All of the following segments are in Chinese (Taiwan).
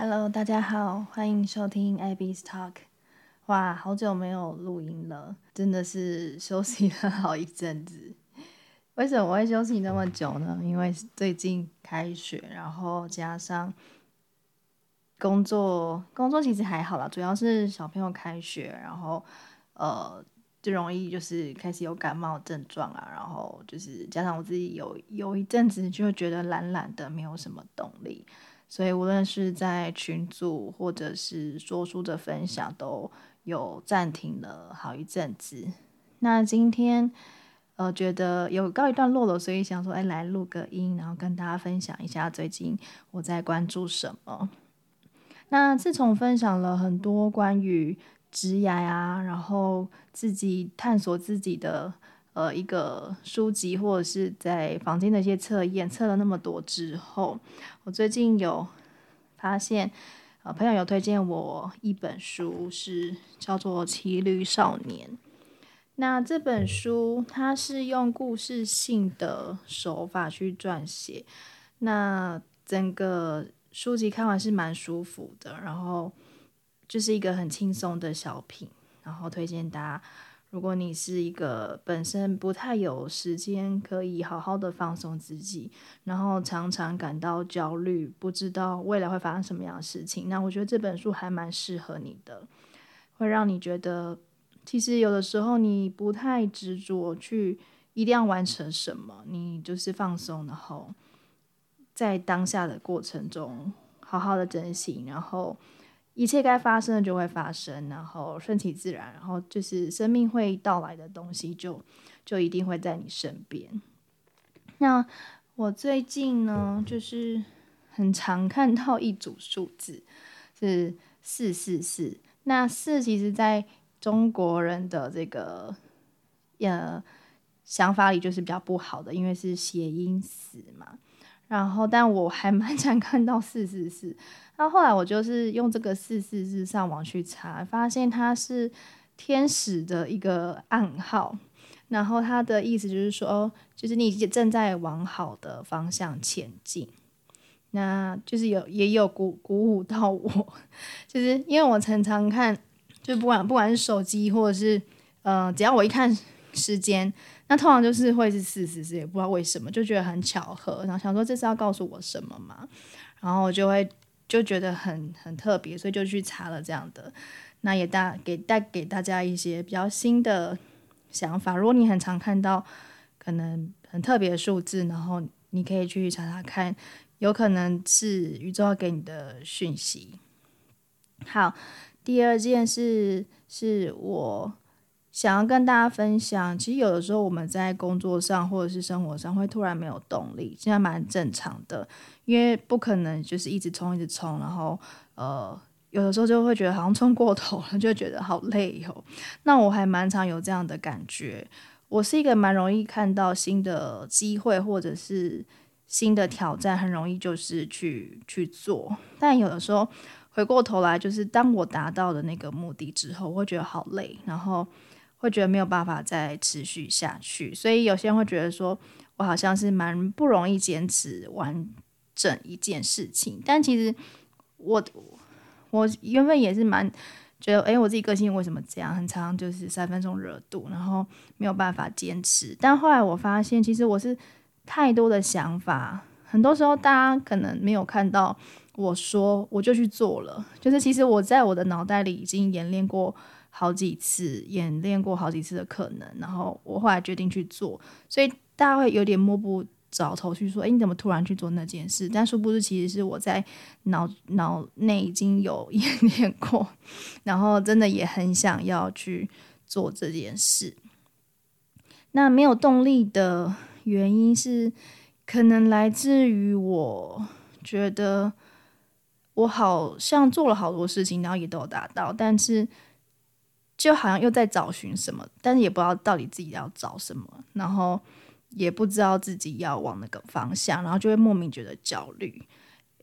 Hello，大家好，歡迎收聽 Abby's Talk。哇，好久沒有錄音了，真的是休息了好一陣子。為什麼我會休息那麼久呢？因為最近開學，然後加上工作，工作其實還好啦，主要是小朋友開學，然後呃，就容易就是開始有感冒症狀啊，然後就是加上我自己有有一陣子就覺得懶懶的，沒有什麼動力。所以，無論是在群組或者是說書的分享，都有暫停了好一陣子。那今天，呃，覺得有告一段落了，所以想說，哎、欸，來錄個音，然後跟大家分享一下最近我在關注什麼。那自從分享了很多關於職涯啊，然後自己探索自己的。呃，一個書籍或者是在房間的一些測驗，測了那麼多之後，我最近有發現，呃，朋友有推薦我一本書，是叫做《騎驢少年》。那這本書它是用故事性的手法去撰寫，那整個書籍看完是蠻舒服的，然後就是一個很輕鬆的小品，然後推薦大家。如果你是一個本身不太有時間可以好好的放鬆自己，然後常常感到焦慮，不知道未來會發生什麼樣的事情，那我覺得這本書還蠻適合你的，會讓你覺得其實有的時候你不太執着去一定要完成什麼，你就是放鬆，然後在當下的過程中好好的珍惜，然後。一切該發生的就會發生，然後順其自然，然後就是生命會到來的東西就就一定會在你身邊。那我最近呢，就是很常看到一組數字，是四四四。那四其實在中國人的這個呃想法裡就是比較不好的，因為是諧音死嘛。然後，但我還蠻常看到四四四。那後來我就是用這個四四四上網去查，發現它是天使的一個暗號。然後它的意思就是說，就是你正在往好的方向前進。那就是有也有鼓鼓舞到我，就是因為我常常看，就不管不管是手機或者是嗯、呃，只要我一看時間。那通常就是會是四十四，也不知道為什麼，就覺得很巧合，然後想說這是要告訴我什麼嘛，然後我就會就覺得很很特別，所以就去查了這樣的，那也大給帶給大家一些比較新的想法。如果你很常看到可能很特別的數字，然後你可以去查查看，有可能是宇宙要給你的訊息。好，第二件事是，是我。想要跟大家分享，其實有的時候我們在工作上或者是生活上會突然沒有動力，現在蠻正常的，因為不可能就是一直衝一直衝，然後呃，有的時候就會覺得好像衝過頭了，就覺得好累喲、哦，那我還蠻常有這樣的感覺，我是一個蠻容易看到新的機會或者是新的挑戰，很容易就是去去做，但有的時候回過頭來，就是當我達到了那個目的之後，我會覺得好累，然後。會覺得沒有辦法再持續下去，所以有些人會覺得說，我好像是蠻不容易堅持完整一件事情。但其實我我原本也是蠻覺得，誒、欸，我自己個性為什麼這樣？很常就是三分鐘熱度，然後沒有辦法堅持。但後來我發現，其實我是太多的想法，很多時候大家可能沒有看到我說，我就去做了，就是其實我在我的腦袋裡已經演練過。好幾次演練過好幾次的可能，然後我後來決定去做，所以大家會有點摸不着頭緒，說：“誒，你怎麼突然去做那件事？”但殊不知，其實是我在腦腦內已經有演練過，然後真的也很想要去做這件事。那沒有動力的原因是，可能來自於我覺得我好像做了好多事情，然後也都有達到，但是。就好像又在找尋什麼，但是也不知道到底自己要找什麼，然後也不知道自己要往哪個方向，然後就會莫名覺得焦慮。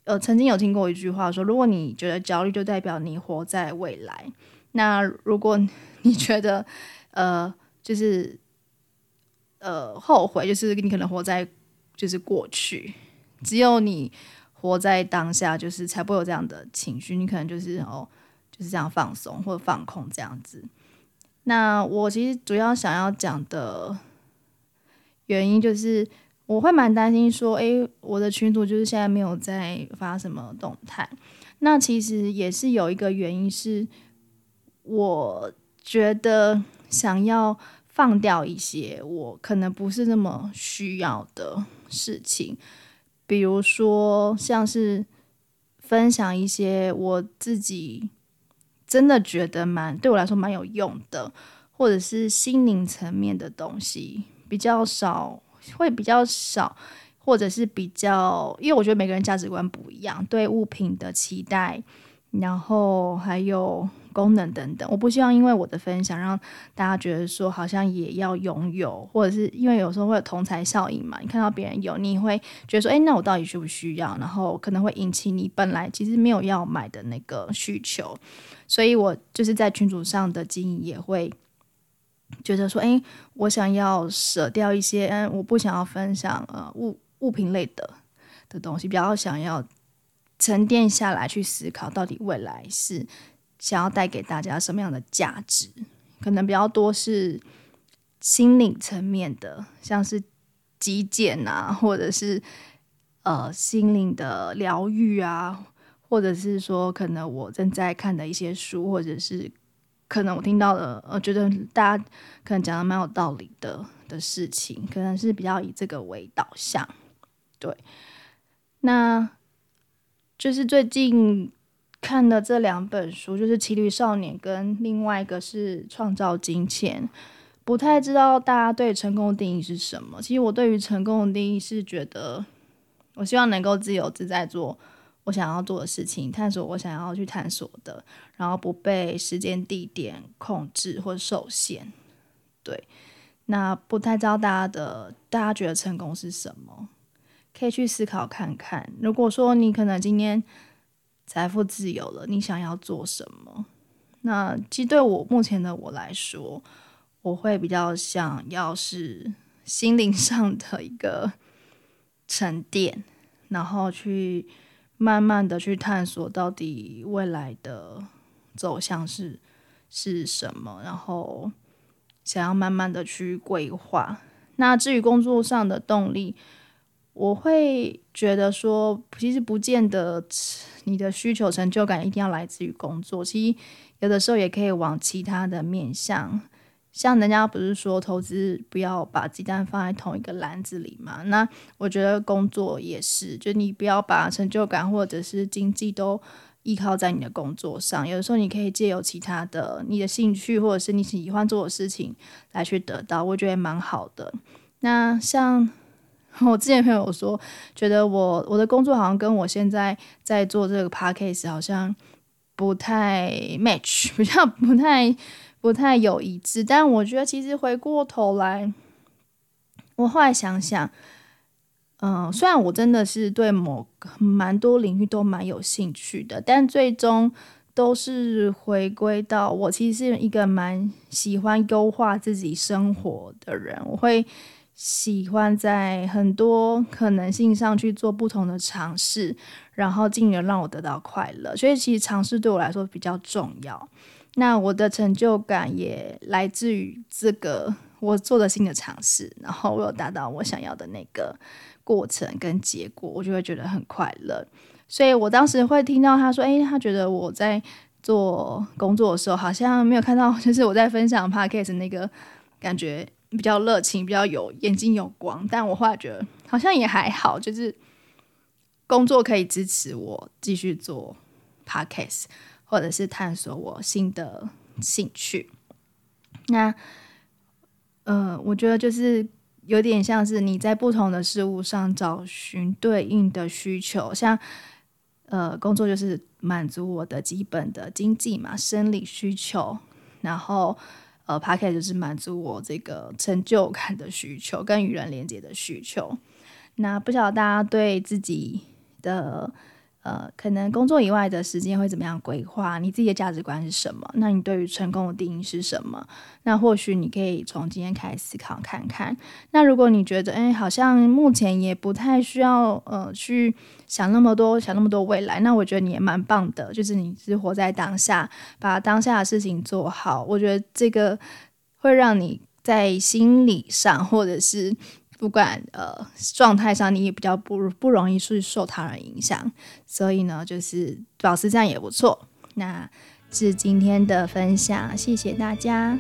呃，曾經有聽過一句話說，如果你覺得焦慮，就代表你活在未來；那如果你覺得呃，就是呃，後悔，就是你可能活在就是過去。只有你活在當下，就是才不會有這樣的情緒。你可能就是哦。就是這樣放鬆或者放空這樣子。那我其實主要想要講的原因，就是我會蠻擔心說，誒、欸，我的群組就是現在沒有在發什麼動態。那其實也是有一個原因是，我覺得想要放掉一些我可能不是那麼需要的事情，比如說像是分享一些我自己。真的覺得蠻對我來說蠻有用的，或者是心靈層面的東西比較少，會比較少，或者是比較，因為我覺得每個人價值觀不一樣，對物品的期待，然後還有，功能等等，我不希望因為我的分享讓大家覺得說好像也要擁有，或者是因為有時候會有同儕效應嘛，你看到別人有，你會覺得說，哎，那我到底需不需要？然後可能會引起你本來其實沒有要買的那個需求，所以我就是在群組上的經營也會覺得說，哎，我想要捨掉一些，嗯，我不想要分享呃物物品類的的東西，比較想要沉澱下來去思考到底未來是。想要帶給大家什麼樣的價值？可能比較多是心靈層面的，像是極簡啊，或者是呃心靈的療癒啊，或者是說可能我正在看的一些書，或者是可能我聽到了我，呃，覺得大家可能講的蠻有道理的的事情，可能是比較以這個為導向。對，那就是最近。看的這兩本書就是《騎驢少年》跟另外一個是《創造金錢》，不太知道大家對成功的定義是什麼。其實我對於成功的定義是覺得，我希望能夠自由自在做我想要做的事情，探索我想要去探索的，然後不被時間、地點控制或受限。對，那不太知道大家的，大家覺得成功是什麼？可以去思考看看。如果說你可能今天。財富自由了，你想要做什麼？那其實對我目前的我來說，我會比較想要是心靈上的一個沉澱，然後去慢慢的去探索到底未來的走向是是什麼，然後想要慢慢的去規劃。那至於工作上的動力。我會覺得說，其實不見得你的需求成就感一定要來自於工作，其實有的時候也可以往其他的面向。像人家不是說投資不要把雞蛋放在同一個籃子裡嘛？那我覺得工作也是，就你不要把成就感或者是經濟都依靠在你的工作上。有的時候你可以借由其他的你的興趣或者是你喜歡做的事情來去得到，我覺得蠻好的。那像。我之前朋友說，覺得我我的工作好像跟我現在在做這個 podcast 好像不太 match，比較不太不太有一致。但我覺得其實回過頭來，我後來想想，嗯、呃，雖然我真的是對某個蠻多領域都蠻有興趣的，但最終都是回歸到我其實是一個蠻喜歡優化自己生活的人，我會。喜歡在很多可能性上去做不同的嘗試，然後進而讓我得到快樂。所以，其實嘗試對我來說比較重要。那我的成就感也來自於這個我做的新的嘗試，然後我有達到我想要的那個過程跟結果，我就會覺得很快樂。所以我當時會聽到他說：“誒，他覺得我在做工作的時候，好像沒有看到，就是我在分享 podcast 那個感覺。”比較熱情，比較有眼睛有光，但我發覺好像也還好，就是工作可以支持我繼續做 podcast，或者是探索我新的興趣。那，呃，我覺得就是有點像是你在不同的事物上找尋對應的需求，像呃，工作就是滿足我的基本的經濟嘛、生理需求，然後，呃 Podcast 就是滿足我這個成就感的需求，跟與人連接的需求。那不曉得大家對自己的。呃，可能工作以外的時間會怎麼樣規劃？你自己的價值觀是什麼？那你對於成功的定義是什麼？那或許你可以從今天開始思考看看。那如果你覺得，誒，好像目前也不太需要，呃，去想那麼多，想那麼多未來。那我覺得你也蠻棒的，就是你就是活在當下，把當下的事情做好。我覺得這個會讓你在心理上或者是。不管呃，狀態上，你也比較不不容易去受他人影響。所以呢，就是保持這樣也不錯。那是今天的分享，謝謝大家。